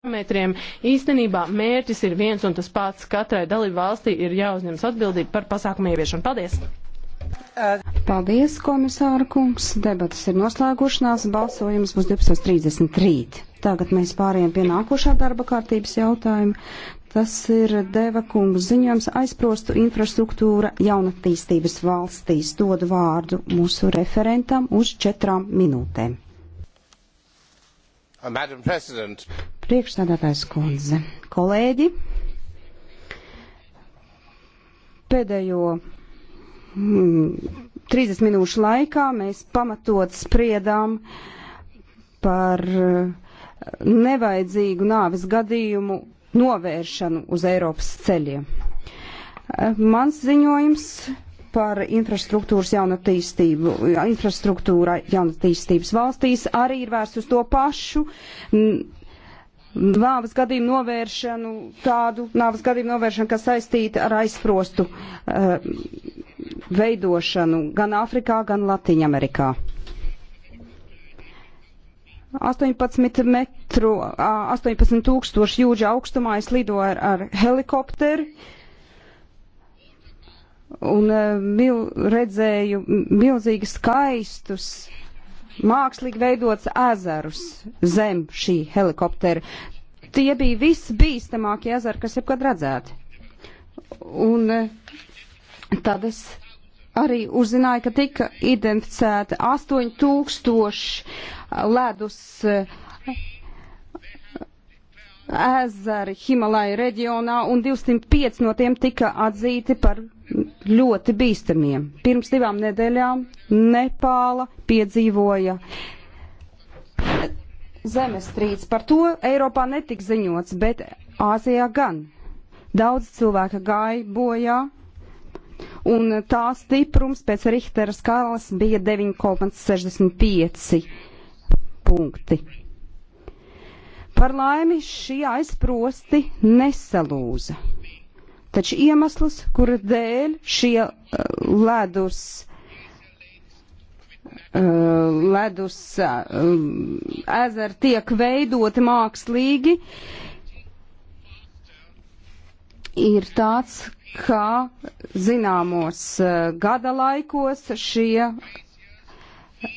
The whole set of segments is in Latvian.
parametriem. Īstenībā mērķis ir viens un tas pats. Katrai dalību valstī ir jāuzņemas atbildība par pasākumu ieviešanu. Paldies! Paldies, komisāra kungs. Debatas ir noslēgušanās. Balsojums būs 12.30 rīt. Tagad mēs pārējām pie nākošā darba kārtības jautājuma. Tas ir Deva kungs ziņojums aizprostu infrastruktūra jaunatīstības valstīs. Dodu vārdu mūsu referentam uz četrām minūtēm. Uh, Madam President, Priekšstādātājs kundze, kolēģi, pēdējo 30 mm, minūšu laikā mēs pamatot spriedām par mm, nevajadzīgu nāves gadījumu novēršanu uz Eiropas ceļiem. Mans ziņojums par infrastruktūras jaunatīstību, infrastruktūra jaunatīstības valstīs arī ir vērsts uz to pašu mm, nāvas gadījumu novēršanu, tādu nāvas gadījumu novēršanu, kas saistīta ar aizsprostu uh, eh, veidošanu gan Āfrikā, gan Latviņamerikā. 18 metru, 18 tūkstoši jūģa augstumā es lidoju ar, ar helikopteri un uh, mil, redzēju milzīgi skaistus mākslīgi veidots ezerus zem šī helikoptera. Tie bija visbīstamākie ezeri, kas jebkad redzēti. Un eh, tad es arī uzzināju, ka tika identificēta 8000 ledus eh, ezeri Himalaju reģionā, un 205 no tiem tika atzīti par ļoti bīstamiem. Pirms divām nedēļām Nepāla piedzīvoja zemestrīce. Par to Eiropā netika ziņots, bet Āzijā gan. Daudz cilvēka gāja bojā, un tā stiprums pēc Richtera skalas bija 9,65 punkti. Par laimi šie aizprosti nesalūza. Taču iemesls, kura dēļ šie uh, ledus, uh, ledus uh, ezeri tiek veidoti mākslīgi, ir tāds, ka zināmos gada laikos šie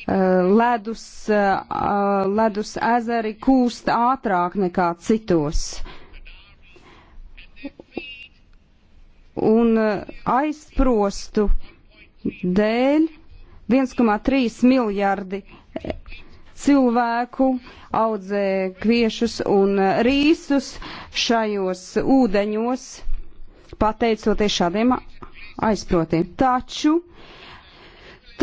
Eh, ledus, eh, eh, ledus ezeri kūst ātrāk nekā citos. Un aizsprostu dēļ 1,3 miljardi cilvēku audzē kviešus un rīsus šajos ūdeņos, pateicoties šādiem aizprotiem. Taču uh,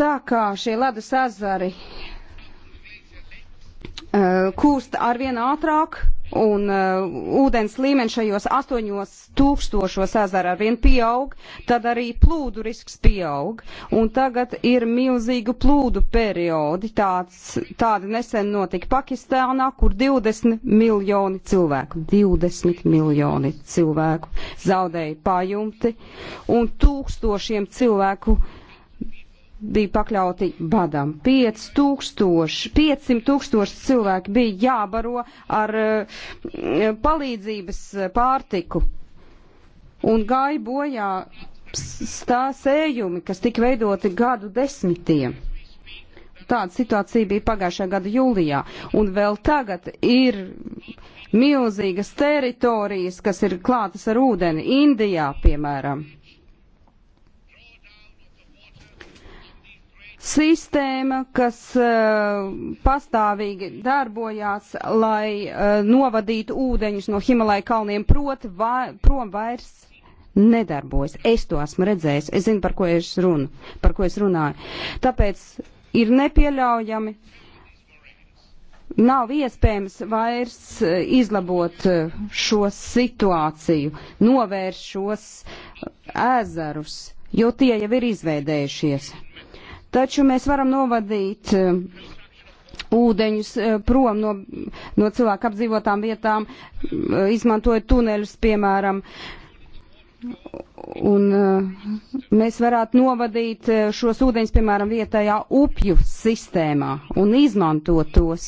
Tā kā šie ledus ezeri uh, kūst arvien ātrāk un uh, ūdens līmenis šajos astoņos tūkstošos ezera arvien pieaug, tad arī plūdu risks pieaug. Un tagad ir milzīgu plūdu periodi. Tāds, tāda nesen notika Pakistānā, kur 20 miljoni cilvēku, 20 miljoni cilvēku zaudēja pajumti un tūkstošiem cilvēku bija pakļauti badam. 5000, 500 tūkstoši cilvēki bija jābaro ar eh, palīdzības pārtiku un gāja bojā stāsējumi, kas tika veidoti gadu desmitiem. Tāda situācija bija pagājušā gada jūlijā, un vēl tagad ir milzīgas teritorijas, kas ir klātas ar ūdeni, Indijā, piemēram. sistēma, kas uh, pastāvīgi darbojās, lai uh, novadītu ūdeņus no Himalaya kalniem, proti, vai, prom vairs nedarbojas. Es to esmu redzējis, es zinu, par ko es, runu, par ko es runāju. Tāpēc ir nepieļaujami. Nav iespējams vairs eh, izlabot šo situāciju, novērst šos ezerus, jo tie jau ir izveidējušies. Taču mēs varam novadīt eh, ūdeņus eh, prom no, no cilvēku apdzīvotām vietām, eh, izmantojot tuneļus, piemēram. Un mēs varētu novadīt šos ūdeņus, piemēram, vietējā upju sistēmā un izmantot tos.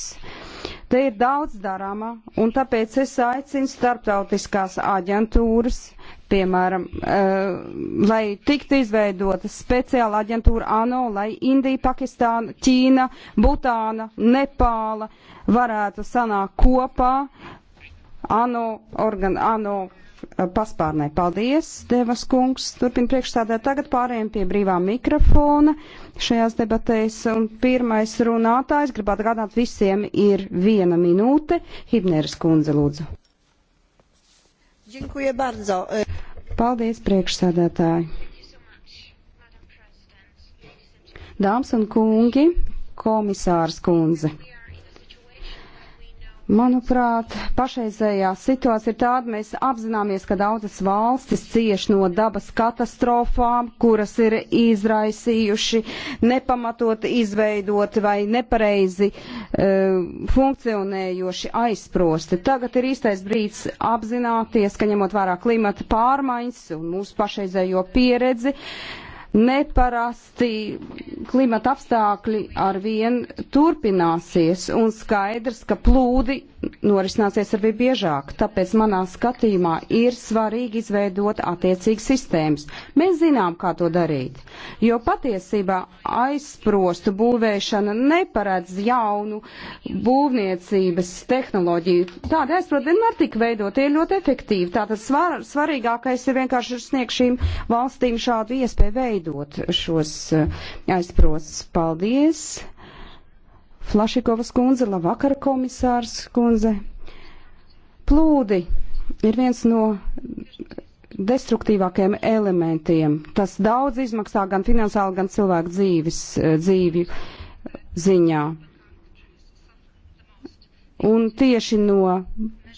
Te ir daudz darāmā, un tāpēc es aicinu starptautiskās aģentūras uh, piemēram, uh, lai tiktu izveidota speciāla aģentūra ANO, lai Indija, Pakistāna, Ķīna, Butāna, Nepāla varētu sanākt kopā ANO, organ, ANO uh, paspārnē. Paldies, Devas kungs. Turpin priekšstādē tagad pārējiem pie brīvā mikrofona šajās debatēs. Un pirmais runātājs, gribētu gādāt visiem, ir viena minūte. Hibneris kundze, lūdzu. Dziękuję bardzo. Paldies, priekšsādātāji! Dāmas un kungi, komisārs kundze! Manuprāt, pašreizējā situācija ir tāda, mēs apzināmies, ka daudzas valstis cieš no dabas katastrofām, kuras ir izraisījuši nepamatot izveidoti vai nepareizi e, funkcionējoši aizsprosti. Tagad ir īstais brīdis apzināties, ka ņemot vērā klimata pārmaiņas un mūsu pašreizējo pieredzi, e, neparasti klimata apstākļi ar vien turpināsies un skaidrs, ka plūdi norisināsies arvien biežāk. Tāpēc manā skatījumā ir svarīgi izveidot attiecīgas sistēmas. Mēs zinām, kā to darīt, jo patiesībā aizsprostu būvēšana neparedz jaunu būvniecības tehnoloģiju. Tāda aizsprot vienmēr tika veidot, tie ir ļoti efektīvi. Tātad svar, svarīgākais ir vienkārši sniegt šīm valstīm šādu iespēju veidu veidot šos eh, aizprosts. Paldies! Flašikovas kundze, labvakar komisārs kundze. Plūdi ir viens no destruktīvākajiem elementiem. Tas daudz izmaksā gan finansiāli, gan cilvēku dzīves, eh, dzīvju ziņā. Un tieši no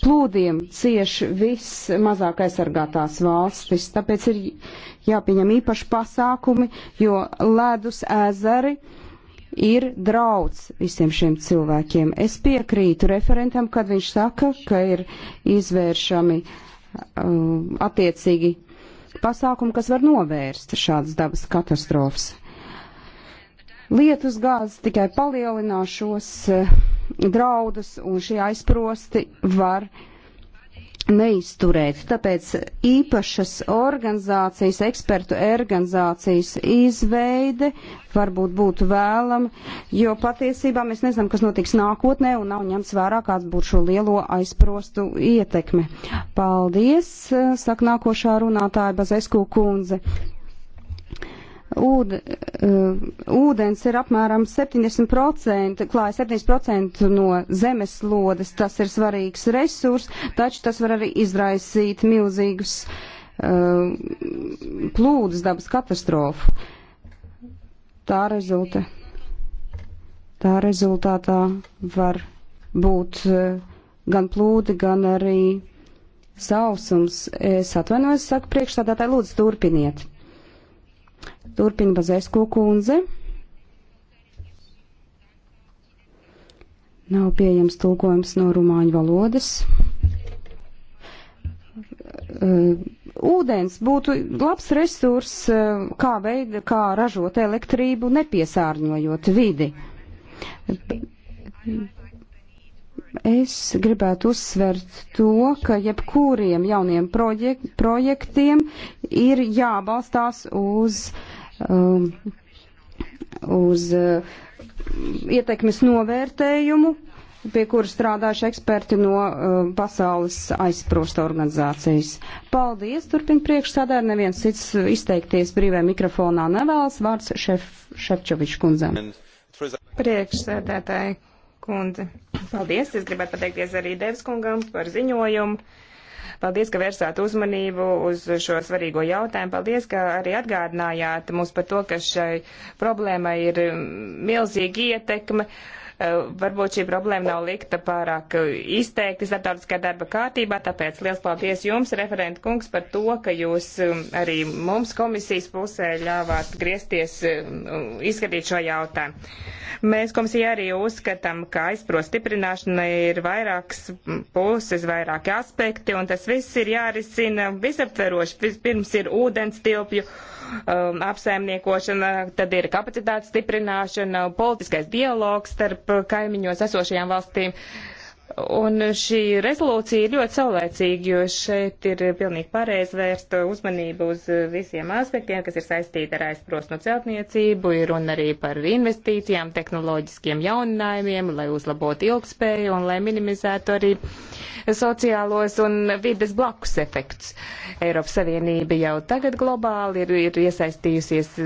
plūdiem cieši viss mazāk aizsargātās valstis, tāpēc ir jāpieņem īpaši pasākumi, jo ledus ezeri ir draudz visiem šiem cilvēkiem. Es piekrītu referentam, kad viņš saka, ka ir izvēršami uh, attiecīgi pasākumi, kas var novērst šādas dabas katastrofas lietus gāzes tikai palielinās šos eh, draudus un šie aizprosti var neizturēt. Tāpēc īpašas organizācijas, ekspertu organizācijas izveide varbūt būtu vēlama, jo patiesībā mēs nezinām, kas notiks nākotnē un nav ņemts vērā, kāds būtu šo lielo aizprostu ietekme. Paldies, eh, saka nākošā runātāja Bazesku kundze. Ūde, uh, ūdens ir apmēram 70%, klāja 70% no zemeslodes. Tas ir svarīgs resurs, taču tas var arī izraisīt milzīgus uh, plūdes dabas katastrofu. Tā, rezulta, tā rezultātā var būt uh, gan plūdi, gan arī sausums. Es atvainojos, saku priekšstādātāji, lūdzu, turpiniet. Turpina Bazēsku kundze. Nav pieejams tulkojums no rumāņu valodas. Uh, ūdens būtu labs resurs, uh, kā veida, kā ražot elektrību, nepiesārņojot vidi. Es gribētu uzsvert to, ka jebkuriem jauniem projek projektiem ir jābalstās uz uh, um, uz uh, ietekmes novērtējumu, pie kura strādājuši eksperti no uh, pasaules aizsprosta organizācijas. Paldies, turpin priekšsādē, neviens cits izteikties brīvē mikrofonā nevēlas, vārds šef, Šefčovičs kundzam. Priekšsēdētāji kundze, paldies, es gribētu pateikties arī Devs kungam par ziņojumu. Paldies, ka vērsāt uzmanību uz šo svarīgo jautājumu. Paldies, ka arī atgādinājāt mums par to, ka šai problēmai ir milzīga ietekme eh, varbūt šī problēma nav likta pārāk izteikti starptautiskā darba kārtībā, tāpēc liels paldies jums, referenta kungs, par to, ka jūs eh, arī mums komisijas pusē ļāvāt griezties eh, izskatīt šo jautājumu. Mēs komisijā arī uzskatām, ka aizpros stiprināšana ir vairākas puses, vairāki aspekti, un tas viss ir jārisina visaptveroši. Vispirms ir ūdens tilpju um, apsaimniekošana, tad ir kapacitātes stiprināšana, politiskais dialogs starp kaimiņos esošajām valstīm. Uh, Un šī rezolūcija ir ļoti saulēcīga, jo šeit ir pilnīgi pareizi vērst uzmanību uz visiem aspektiem, kas ir saistīti ar aizprost no celtniecību, ir un arī par investīcijām, tehnoloģiskiem jauninājumiem, lai uzlabotu ilgspēju un lai minimizētu arī sociālos un vides blakus efektus. Eiropas Savienība jau tagad globāli ir, ir iesaistījusies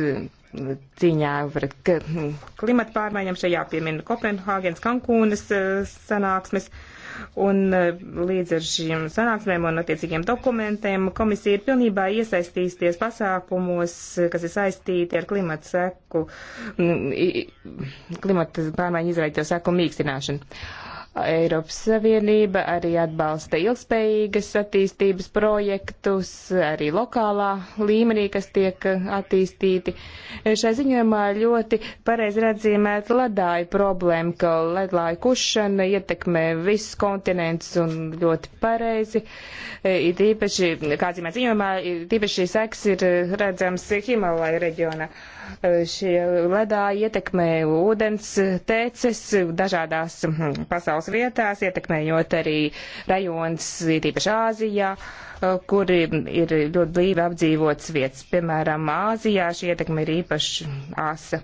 cīņā pret klimatu pārmaiņām. Šeit jāpiemina Kopenhāgenes, Kankūnas e, sanāksmes. Un e, līdz ar šīm sanāksmēm un attiecīgiem dokumentiem komisija ir pilnībā iesaistīsies pasākumos, e, kas ir saistīti ar klimata seku, klimata pārmaiņu izraidīto seku mīkstināšanu. Eiropas Savienība arī atbalsta ilgspējīgas attīstības projektus, arī lokālā līmenī, kas tiek attīstīti. Šai ziņojumā ļoti pareizi redzīmēt ledāju problēmu, ka ledāju kušana ietekmē visus kontinents un ļoti pareizi. Ir tīpaši, kā zīmēt ziņojumā, tīpaši šīs seks ir redzams Himalaja reģionā šie ledāji ietekmē ūdens tēces dažādās hm, pasaules vietās, ietekmējot arī rajonus, tīpaši Āzijā, eh, kur ir ļoti blīvi apdzīvots vietas. Piemēram, Āzijā šī ietekme ir īpaši asa.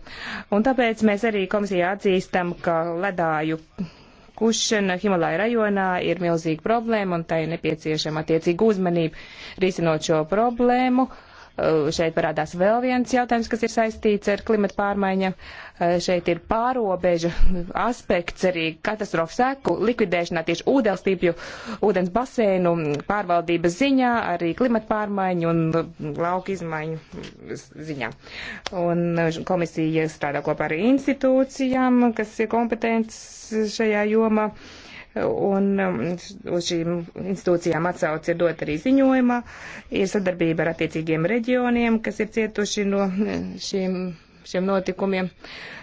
Un tāpēc mēs arī komisijā atzīstam, ka ledāju kušana Himalāja rajonā ir milzīga problēma un tai ir nepieciešama attiecīga uzmanība risinot šo problēmu. Uh, Eh, šeit parādās vēl viens jautājums, kas ir saistīts ar klimatu pārmaiņām. Eh, šeit ir pārobeža aspekts arī katastrofu seku likvidēšanā tieši ūdelstīpju, ūdens basēnu pārvaldības ziņā, arī klimatu pārmaiņu un lauku izmaiņu ziņā. Un eh, komisija strādā kopā ar institūcijām, kas ir kompetents šajā jomā. Uh, un um, uz šīm institūcijām atsauce ir dot arī ziņojumā. Ir sadarbība ar attiecīgiem reģioniem, kas ir cietuši no šīm šiem notikumiem.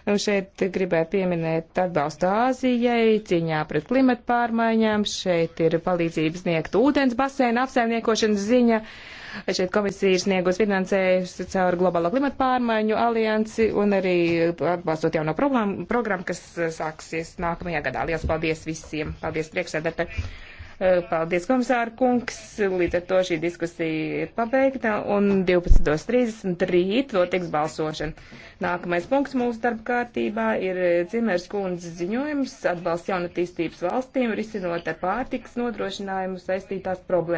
Un nu, šeit gribēju pieminēt atbalstu Āzijai, cīņā pret klimatu pārmaiņām, šeit ir palīdzības sniegt ūdens basēna apsaimniekošanas ziņa. Šeit komisija ir sniegus finansējusi caur globālo klimatu pārmaiņu aliansi un arī atbalstot jauno programmu, programmu kas sāksies nākamajā gadā. Lielas paldies visiem! Paldies priekšsēdētāji! Eh, paldies, komisāra kungs. Līdz ar to šī diskusija ir pabeigta un 12.30 rīt notiks balsošana. Nākamais punkts mūsu darba kārtībā ir eh, Cimers kundzes ziņojums atbalsts jaunatīstības valstīm risinot ar pārtiks nodrošinājumu saistītās problēmas.